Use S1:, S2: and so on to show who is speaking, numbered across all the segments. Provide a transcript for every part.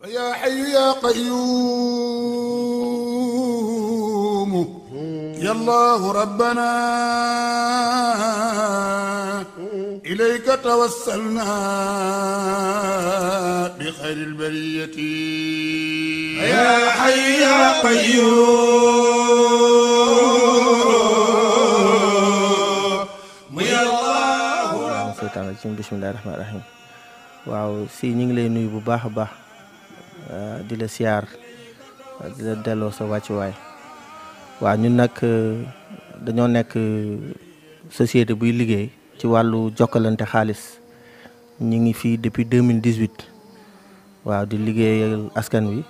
S1: فيا حي يا قيوم يا الله ربنا إليك توسلنا بخير البرية
S2: يا حي يا قيوم يا الله ربنا بسم الله الرحمن الرحيم واو سي ñu ngi lay nuyu باخ Euh, di la siyaar di la delloo sa wàccuwaay waa ñun nag euh, dañoo nekk euh, société buy liggéey ci wàllu jokkalante xaalis ñu ngi fii depuis 2018 waaw di liggéeyal askan wi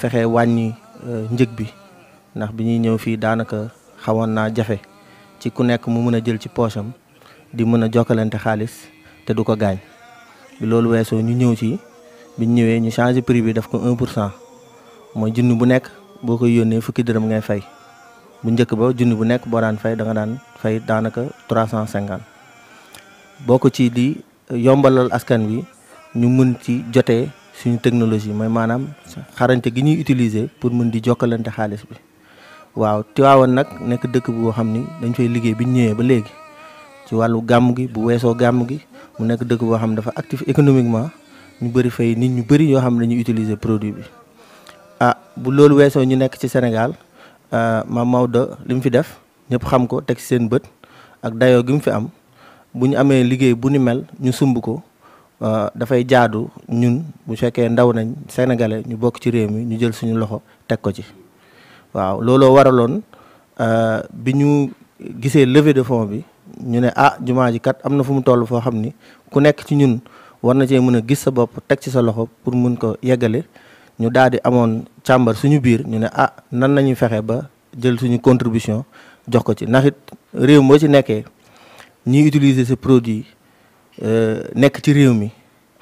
S2: fexe wàññi njëg bi ndax bi ñuy ñëw fii daanaka xawoon naa jafe ci ku nekk mu mën a jël ci poosam di mën a jokkalante xaalis te du ko gaañ bi loolu weesoo ñu ñëw ci biñ ñëwee ñu changé prix bi def ko 1 pour cent mooy junni bu nekk boo koy yónnee fukki dërëm ngay fay bu njëkk ba junni bu nekk boo daan fay da nga daan fay 350 ci di yombalal askan wi ñu mën ci jotee suñu technologie mooy maanaam xarañte gi ñuy utiliser pour mën di jokkalante xaalis bi waaw tiwaawoon nag nekk dëkk boo hamni, ni dañ fay liggéey biñ ñëwee ba léegi ci wàllu gàmm gi bu weesoo gàmm gi mu nekk dëkk boo xam dafa actif économiquement ñu bëri fay nit ñu bëri yoo xam ne dañuy utiliser produit bi ah bu loolu weesoo ñu nekk ci Sénégal ah, ma Maodo li mu fi def ñëpp xam ko teg seen bët ak dayo gi mu fi am bu ñu amee liggéey bu ni mel ñu sumb ko ah, dafay jaadu ñun bu fekkee ndaw nañ sénégalais ñu bokk ci réew mi ñu jël suñu loxo teg ko ci. waaw looloo waraloon ah, bi ñu gisee levée de fonds bi ñu ne ah jumaa ji kat am na fu mu toll foo xam ni ku nekk ci ñun. war na cee mën a gis sa bopp teg ci sa loxo pour mun ko yeggale ñu daal di amoon càmbar suñu biir ñu ne ah nan nañuy fexe ba jël suñu contribution jox ko ci ndax réew moo ci nekkee ñiy utiliser ces produits euh, nekk ci réew mi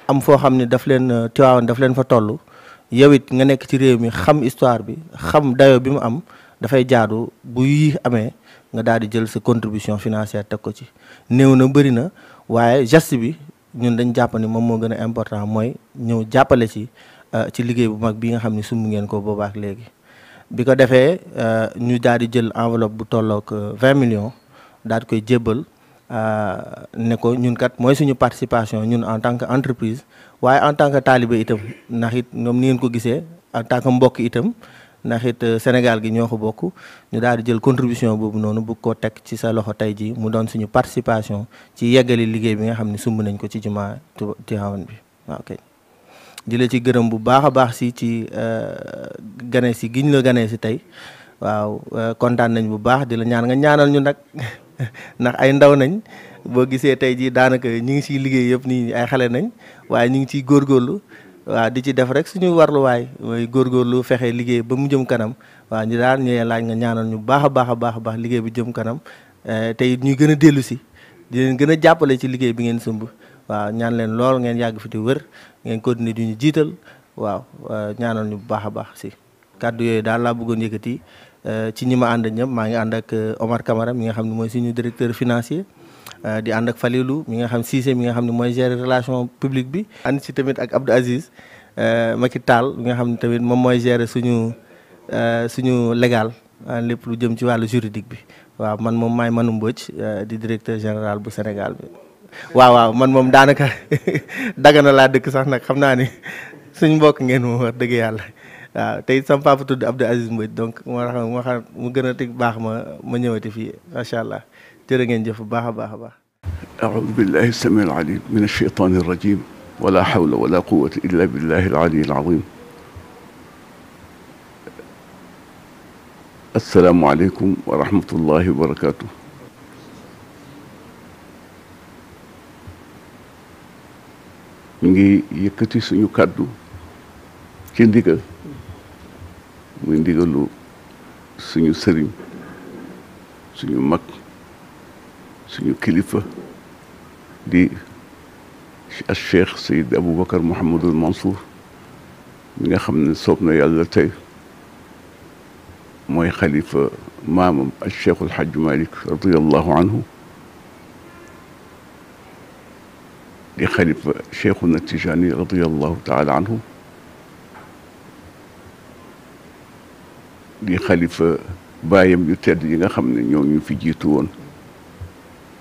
S2: am foo xam ne daf leen euh, Tiwaawan daf leen fa toll yow it nga nekk ci réew mi xam histoire bi xam dayo bi mu am dafay jaadu bu yii amee nga daal di jël sa contribution financière teg ko ci néew na bëri na waaye geste bi ñun dañ jàpp ni moom moo gën a important mooy ñëw jàppale ci euh, ci liggéey bu mag bi nga xam ni sumb ngeen ko boobaak léegi bi ko defee euh, ñu daal di jël enveloppe bu tollook euh, vingt million daal di koy jébbal ne ko ñun kat mooy suñu participation ñun en tant que entreprise waaye en tant que taalibe itam ndax it ñoom ngeen ko gisee en tant que mbokk itam ndax it euh, Sénégal gi ñoo ko bokk ñu daal di jël contribution boobu noonu bu ko teg ci sa loxo tey ji mu doon suñu participation ci yeggali liggéey bi nga xam ne sumb nañ ko ci jumaa Tiwaawan bi waaw kay di la ci gërëm bu baax a baax si ci euh, gane si giñ la gane si tey euh, kontaan nañ bu baax di la ñaan nga ñaanal ñu nag ndax ay ndaw nañ boo gisee tey ji daanaka ñi ngi siy liggéey yëpp nii ay xale nañ waaye ñi ngi ciy góor góorlu waaw di ci def rek suñu warluwaay mooy góorgóorlu fexe liggéey ba mu jëm kanam waa ñu daal ñu laaj nga ñaanal ñu baax a baax a baax a baax liggéey bi jëm kanam eh, tey it ñuy gën a dellu si di leen gën a jàppale ci liggéey bi ngeen sumb waaw ñaan leen lool ngeen yàgg fi di wër ngeen continuer di ñu jiital waaw ñaanal ñu bu baax a baax si kàddu yooyu daal laa bëggoon yëkkati eh, ci ñi ma ànd ñëm maa ngi ànd ak eh, Omar Camara mi nga xam ne mooy ñu directeur financier Euh, di ànd ak falilu mi nga xam Cissé mi nga xam ne mooy gérer relation publique bi. ànd ci tamit ak Abdou Aziz euh, Macky taal mi nga xam ne tamit moom mooy gérer suñu euh, suñu légal lépp lu jëm ci wàllu juridique bi waaw man moom maay Manu Mbodj di directeur général bu Sénégal bi. waaw waaw man moom daanaka na laa dëkk sax nag xam naa ni suñ mbokk ngeen moom wax dëgg yàlla waaw tey sama papa tudd Abdou Aziz Mbodj donc moo tax xam mu gën a tig baax ma ma ñëwati fii macha jërë ngeen باها باها باها
S1: أعوذ بالله السميع العليم من الشيطان الرجيم ولا حول ولا قوة إلا بالله العلي العظيم السلام عليكم ورحمة الله وبركاته ñu ngi yëkkati suñu kàddu ci ndigal muy ndigalu suñu sëriñ suñu mag سيد الكليفة الشيخ سيد أبو بكر محمد المنصور من أخ من صوبنا اللتي ما خليفة مام الشيخ الحج مالك رضي الله عنه لخليفة شيخنا التجاني رضي الله تعالى عنه لخليفة بايم يتدين خمن يوم في جيتون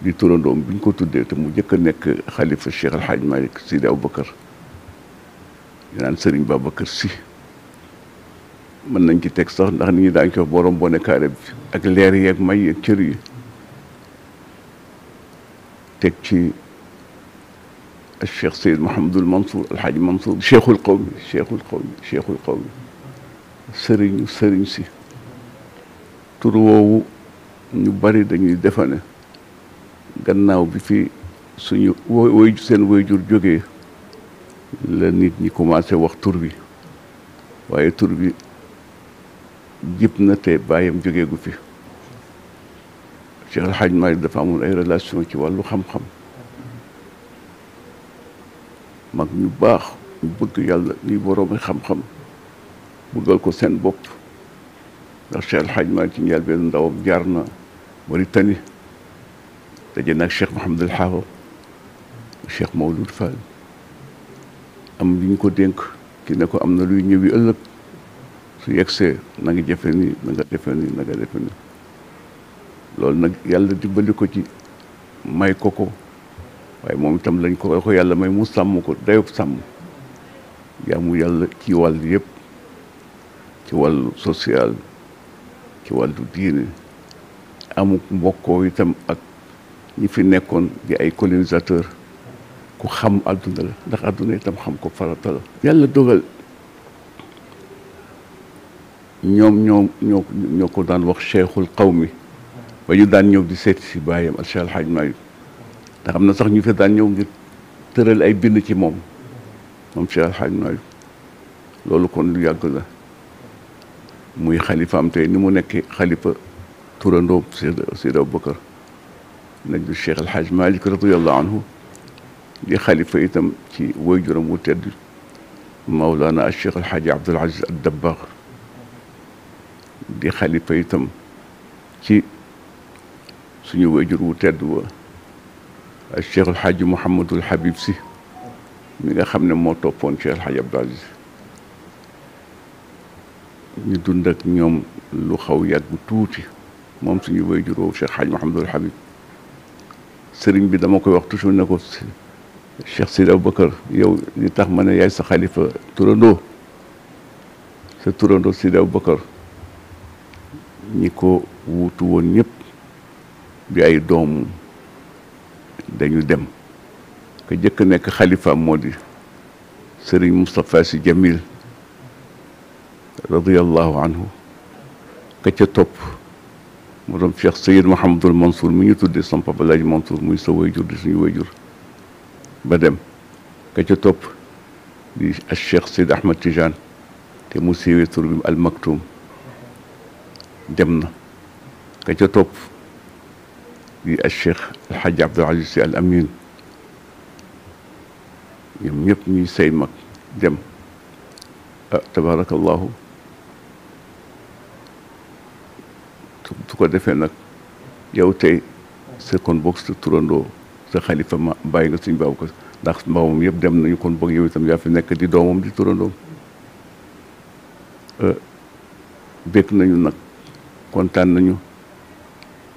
S1: di turandoom bi ñu ko tuddee te mu njëkk a nekk xalifa Cheikh El Hadj Malick Sidi Aboubacar ñu naan Serigne Babacar Sy mën nañ ci teg sax ndax nit ñi daañu ko borom bone kaare bi ak leer yi maye may yeeg teg ci Cheikh Seyd Mouhamadul Mansour El Hadj Mansour Cheikhul Qawmi Cheikhul Qawmi Qawmi Serigne Serigne si tur ñu bari dañuy defane gannaaw bi fi suñu woy seen woyjur jóge la nit ñi commencé wax tur bi waaye tur bi jib na te bàyyam jógee gu fi Cheikh El Hadj Malick dafa amoon ay relation ci wàllu xam-xam mag ñu baax ñu bëgg yàlla ñuy boroomi xam-xam bëggal ko seen bopp ndax Cheikh El Hadj Malick ci njëlbéenu ndawam jaar na Mauritanie daje nag Cheikh Mouhamadul Xaawa Cheikh Mawlud Fall am li ñu ko dénk ki ne ko am na luy ñëwi ëllëg su yegsee na nga jafe ni na nga defe ni na nga defe ni loolu nag yàlla dimbali ko ci may ko ko waaye moom itam lañ ko yàlla may mu sàmm ko dayob sàmm jaamu yàlla ci wàll yëpp ci wàllu social ci wàllu diine amuk mbokkoo itam ak ñi fi nekkoon di ay colonisateur ku xam àdduna la ndax àdduna itam xam ko farata la yàlla dogal ñoom ñoo ñoo ñoo ko daan wax cheikhul qawmi ba ñu daan ñëw di seeti si bàyyam Cheikh Alhaaj Maalik ndax am na sax ñu fi daan ñëw ngir tëral ay bind ci moom moom Cheikh Alhaaj Maalik loolu kon lu yàgg la muy xalifaam tey ni mu nekk xalifa turandoom Seydi Aboubacar نجد الشيخ الحاج مالك رضي الله عنه لي خليفة إتم تي ويجر متد مولانا الشيخ الحاج عبد العزيز الدباغ لي خليفة إتم تي سنو ويجر متد الشيخ الحاج محمد الحبيب سي ميغا خمنا موتو فون الشيخ الحاج عبد العزيز ندندك نيوم لو خاو ياك توتي مام سنو ويجر الشيخ الحاج محمد الحبيب سيرين بي داما كوي وقت توجور نكو الشيخ سيد ابو بكر يو لي تخ مانا ياي سا خليفه توروندو سا توروندو سيد ابو بكر نيكو ووتو وون نيب بي اي دوم دانيو ديم كا جيك نيك خليفه مودي سيرين مصطفى سي الله عنه كتي توب مدام شيخ سيد محمد المنصور مي تودي سام بابا لاج منصور مي سوي جور دي سوي وجور بدم كاتي توب دي الشيخ سيد احمد تيجان تي موسيوي تور المكتوم دمنا كاتي توب دي الشيخ الحاج عبد العزيز الامين يم يبني سيد مك دم أه، تبارك الله ko defee nag yow tey sa kon boog sa turandoo sa xalifa ma bàyyi nga suñ baabu ko ndax mbaawam yëpp dem nañu kon bokk yow itam yaa fi nekk di doomam di turandoom euh, bég nañu nag kontaan nañu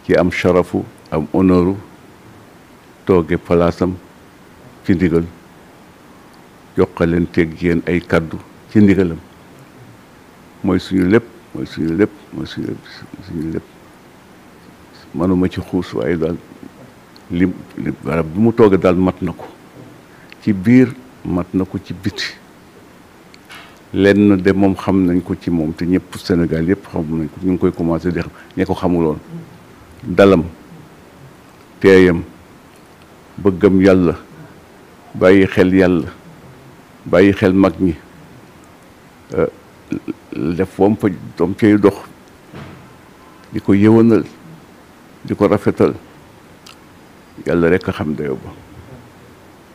S1: ci am sharafu am honneuru tooge palaasam ci ndigal jokkaleen teg yéen ay kàddu ci ndigalam mooy suñu lépp mooy suñu lépp mooy suñu suñu lépp manuma ci xuus waaye daal li lim bi mu toogee daal mat na ko ci biir mat na ko ci biti lenn de moom xam nañ ko ci moom te ñëpp Sénégal yëpp xam nañ ko ñu ngi koy commencé di xam ñe ko xamuloon dalam teeyam bëggam yàlla bàyyi xel yàlla bàyyi xel mag ñi euh, def fa doom cay dox di ko yëwanal diko rafetal yàlla rek xam dayo ba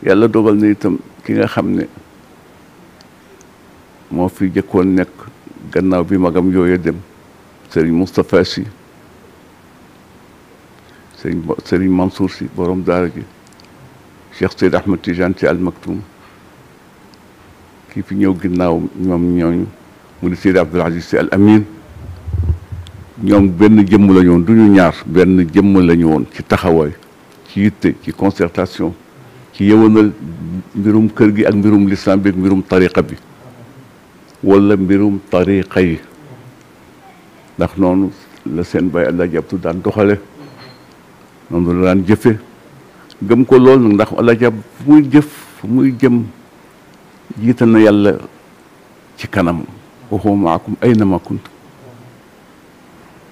S1: yàlla dogal ni itam ki nga xamne mo fi jekkon nek gannaaw bi magam yooyu dem serigne mustapha si serigne serigne Mansour si borom daara ji Cheikh Seyd Ahmed tijani Al Maktoum ki fi ñëw ginnaw ñom ñooñu mu di Seyd Abdoul Aziz Al Amin ñoom benn jëmm lañu ñu woon du ñu ñaar benn jëmm lañu woon ci taxawaay ci yitte ci concertation ci yëwanal mbirum kër gi ak mbirum lislaam bi ak mbirum tariqa bi wala mbirum tariqa yi ndax noonu la seen bàyyi allah jabtu daan doxale noonu la daan jëfe gëm ko lool nag ndax allah jab muy jëf muy jëm jiital na yàlla ci kanam waxuma maakum ay na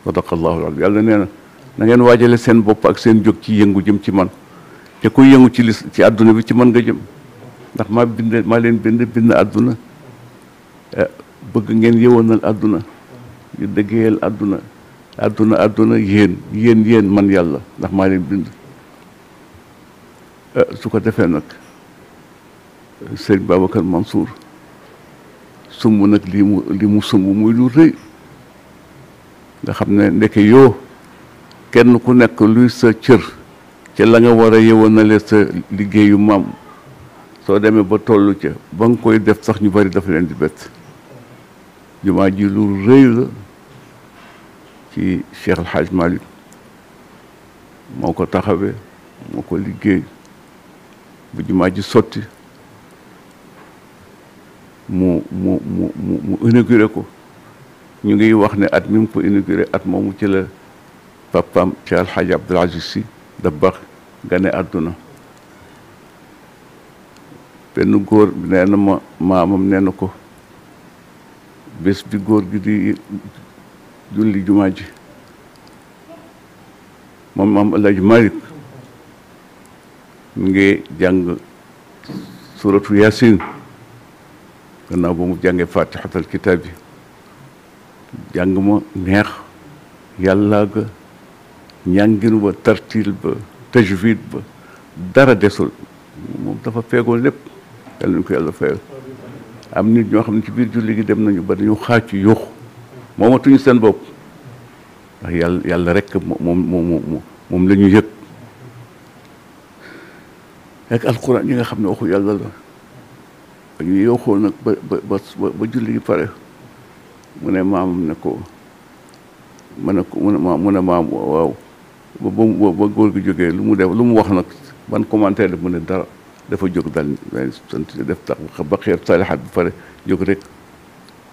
S1: sadaqallahu al yàlla nee na na ngeen waajale seen bopp ak seen jóg ci yëngu jëm ci man te ku yëngu ci lis ci àdduna bi ci man nga jëm ndax maa bind maa leen bind bind àdduna eh, bëgg ngeen yëwanal àdduna yu dëggeel àdduna àdduna àdduna yéen yéen yéen man yàlla ndax maa leen bind eh, su ko defee nag sëriñ Babacar Mansour sumb nag li li mu sumb muy lu rëy nga xam ne ndeke yoo kenn ku nekk luy sa cër ca la nga war a leen sa liggéey yu maam soo demee ba toll ca ba nga koy def sax ñu bari dafa leen di bett jumaa ji lu rëy la ci Cheikh El Hadj moo ko taxawee moo ko liggéey bu jumaa ji sotti mu mu mu mu inauguré ko ñu ngi wax ne at mi mu ko inauguré at moomu ci la papam ci alxaaji Abdul Aziz Si Dabakh gane àdduna benn góor nee na ma maamam nee ko bés bi góor gi di julli jumaa ji moom maam Alaaji Malik mu ngi jàng suratu Yaasin gannaaw ba mu jàngee faatixatal kitaab bi jàng ma neex yàllaa ga ñàngin ba tartil ba tajwid ba dara desul moom dafa feegoon lépp yàlla ñu ko yàlla fayal am nit ñoo xam ne ci biir julli gi dem nañu ba dañu xaac yuux moomatuñu seen bopp ndax yàlla yàlla rek moom moom moom la yëg ak alquran yi nga xam ne waxu yàlla la dañuy yooxoo nag ba ba ba julli gi pare mu ne maamam ne ko mu ne ko mu ne maam waaw ba ba góor gi jógee lu mu def lu mu wax nag ban commentaire def mu ne dara dafa jóg dal sant def tax ba xeer salixaat bu pare jóg rek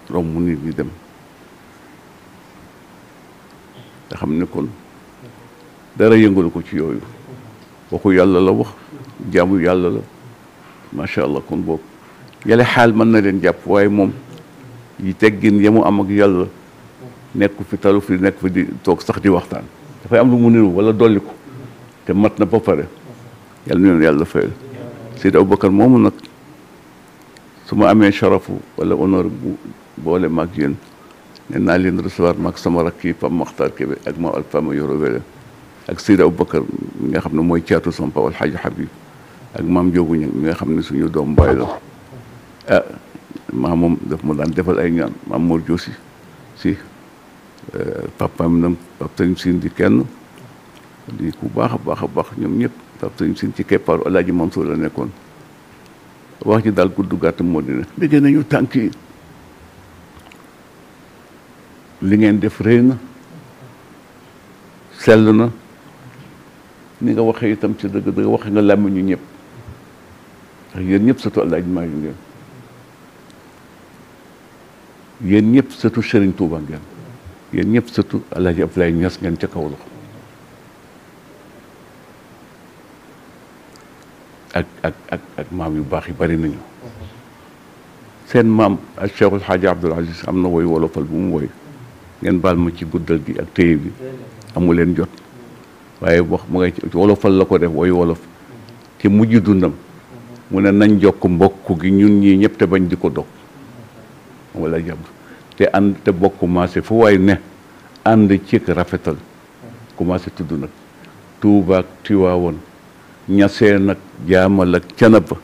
S1: romb nit ñi dem nga xam ne kon dara yëngalu ko ci yooyu waxu yàlla la wax jaamu yàlla la macha kon boobu yàlla xaal mën na leen jàpp waaye moom يتجن يمو أمك يلا نك في تلو في نك في توك سخدي وقتان فاي أملو منيرو ولا دوليكو تماتنا بفر يلا نيون يلا فعل سيد أبو بكر مؤمن ثم أمي شرفه ولا أونر بولي ماكين إن علي نرسوار ماك سمارا كيف أم مختار كيف أجمع ألفا ميورو بيلا أك سيد أبو بكر من يخبنا موي كاتو سنبا والحاج حبيب أك مام جوغو من يخبنا سنيو دوم بايلو أه maa moom daf ma daan defal ay ñaan maam Mor Diosi si eh, papaam nag pap Sëriñ di kenn di ku baax a baax a baax ñoom ñëpp pap Sëriñ ci keppaaru Alaaji Mansour la nekkoon wax ji daal gudd gàtt moo di ne liggéey nañu tànk yi li ngeen def rëy na sell na ni nga waxee itam ci dëgg dëgg waxe nga làmmiñu ñëpp ndax yéen ñëpp surtout Alaaji maa ngeen yéen ñëpp surtout Serigne Touba ngeen yéen ñëpp surtout El Hadj Abdoulaye Niass ngeen ca Kaolack ak ak ak ak maam yu baax yi bari nañu. seen maam ak Cheikhul Hadji Abdoul Aziz am na woy wolofal bu mu woy ngeen baal ma ci guddal gi ak téye bi amu leen jot waaye wax mu ngay wolofal la ko def woy wolof ci mujj dundam mu ne nañ jokk mbokk gi ñun ñii ñëpp te bañ di ko dog wala jàmm te ànd te bokk commencé fu waay ne ànd ci rafetal commencé tudd nag tuubaak tiwaawoon ñasee nag jaamal ak canaba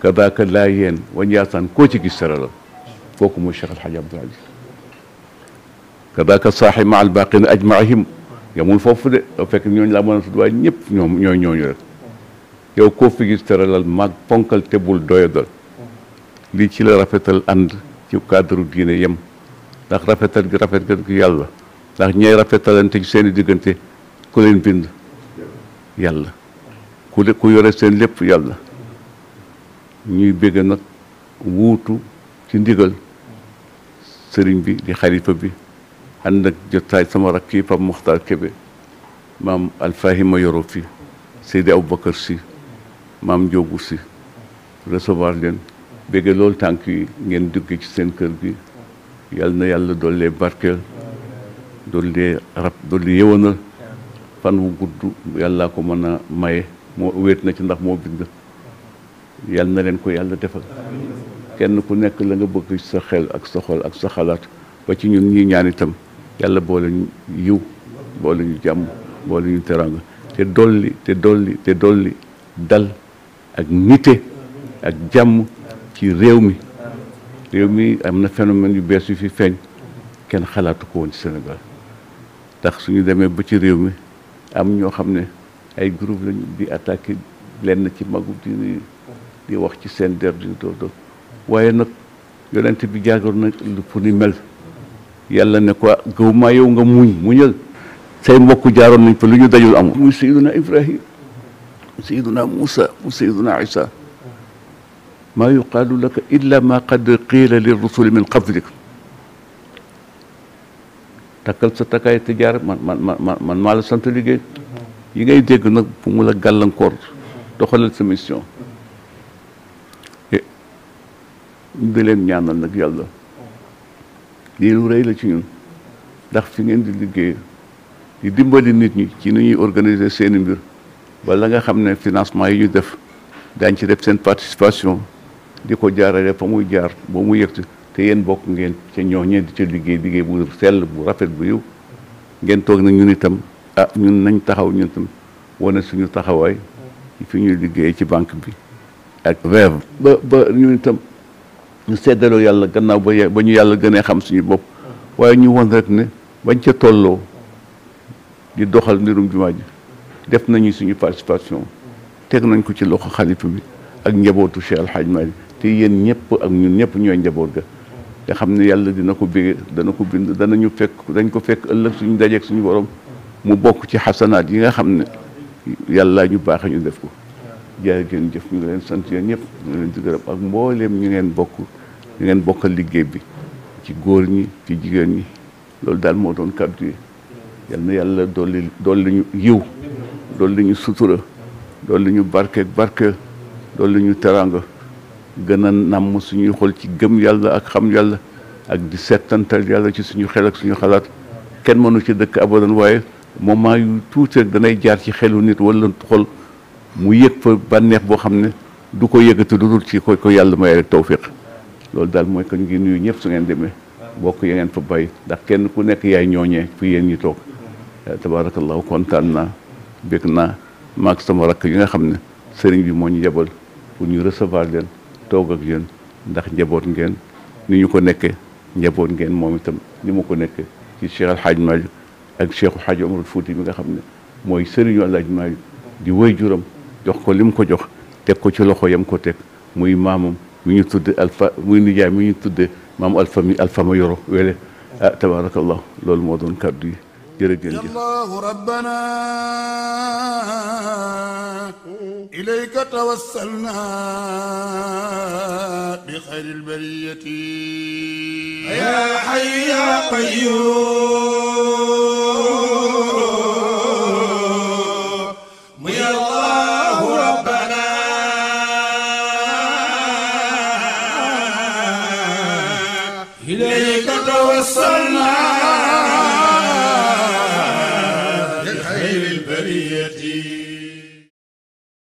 S1: kadaka laa yéen wa njaasaan koo ci gis saralal kooku mooy Cheikh Alhaji Abdoul Aziz kadaka saaxi ma albaqina ajmaahim yamul foofu de da fekk ñooñu laa mën a tudd waaye ñëpp ñoom ñooy ñooñu rek yow mag ponkal te bul doyadal ci la rafetal ànd ci cadre diine yem ndax rafetal gi rafet gi yàlla ndax ñay rafetalante ci seen diggante ku leen bind yàlla ku ku yore seen lépp yàlla ñuy bégg nag wuutu ci ndigal sëriñ bi di xalifa bi ànd ak jotaay sama rakk yi Pape Mokhtar Kébé maam Alfahima Yoro fi Seydi Aboubacar si maam Ndiogou si recevoir leen bégge loolu tànk yi ngeen dugg ci seen kër gi yal na yàlla doollee barkeel doollee rab doollee yëwanal fan wu gudd yàlla ko mën a maye moo wéet na ci ndax moo bind yal na leen ko yàlla defal kenn ku nekk la nga bëgg ci sa xel ak sa xol ak sa xalaat ba ci ñun ñii ñaan itam yàlla boole ñu yiw boole ñu jàmm boole ñu teranga te dolli te dolli te dolli dal ak nite ak jàmm ci réew mi réew mi am na phénomène yu bees yu fi feeñ kenn xalaatu ko woon ci Sénégal ndax suñu demee ba ci réew mi am ñoo xam ne ay groupe lañu bi attaqué lenn ci magu diine di wax ci seen der di doo doo waaye nag yonent bi jaagoon nag lu pour ni mel yàlla ne ko gëw maa yow nga muñ muñal say mbokk jaaroon nañ fa lu ñu dajul amul muy Seyduna Ibrahim Seyduna Moussa mu Seyduna Isa ma maa yuqaalu laka illa ma qad qiila li rusuli min qablik takkal sa takkaay tijaar man man maala man maa liggéey yi ngay dégg nag bu mu la gàllankoor doxalal sa mission eh, di leen ñaanal nag yàlla lii lu rëy la ci ñun ndax fi ngeen di liggéey di dimbali nit ñi ci ni ñuy organiser seeni mbir wala nga xam ne financement yi ñu def daañ ci def seen participation di ko jaarale fa muy jaar ba mu yëgtu te yéen bokk ngeen ca ñooñee di ca liggéey liggéey bu sell bu rafet bu yiw ngeen toog na ñun itam ah ñun nañ taxaw ñun itam wane suñu taxawaay fi ñuy liggéey ci banque bi ak vev ba ba ñun itam ñu seddaloo yàlla gannaaw ba ba ñu yàlla gënee xam suñu bopp waaye ñu won rek ne bañ ca tolloo di doxal mbirum jumaa ji def nañu suñu participation teg nañ ko ci loxo xalifa bi ak njabootu Cheikh Al Hadj Malick te yéen ñëpp ak ñun ñëpp ñooy njaboot ga te xam ne yàlla dina ko bége dana ko bind danañu fekk dañ ko fekk ëllëg suñu dajeeg suñu borom mu bokk ci xasanaat yi nga xam ne yàlla ñu baax ñu def ko jaay ngeen jëf ñu ngi leen sant yéen ñëpp ñu leen di ak mbooleem ñu ngeen bokk ñu ngeen bokkal liggéey bi ci góor ñi ci jigéen ñi loolu daal moo doon kàddu yi yal na yàlla dolli dolli ñu yiw dolli ñu sutura dolli ñu barke barke dolli ñu teranga gën a nàmm suñuy xol ci gëm yàlla ak xam yàlla ak di settantal yàlla ci suñu xel ak suñu xalaat kenn mënu ci dëkk abadan waaye moment yu tuuti rek danay jaar ci xelu nit wala xol mu yëg fa bànneex boo xam ne du ko yëgati lu dul ci ko ko yàlla may rek tawfiq loolu daal mooy que ñu ngi nuyu ñëpp su ngeen demee bokk ya ngeen fa bàyyi ndax kenn ku nekk yaay ñooñee fi yéen ñi toog eh, tabaarakallaahu kontaan naa bég naa maag sama rakk yi nga xam ne sëriñ bi moo ñu yebal pour ñu recevoir leen toog ak ndax njaboot ngeen ni ñu ko nekkee njaboot ngeen moom itam ni ma ko nekkee ci Cheikh Al Hadj Malick ak Cheikh Hadj Omar Fouti bi nga xam ne mooy sëriñu Al Hadj Malick di woy juram jox ko li mu ko jox teg ko ci loxo yam ko teg muy maamam mi ñu tudde alfa muy nijaay mi ñu tudde maam alfa mi alfa ma yoro wele ah tabarakallah loolu moo doon kàddu yi jërëjëf إليك توسلنا بخير البرية
S2: يا حي يا قيوم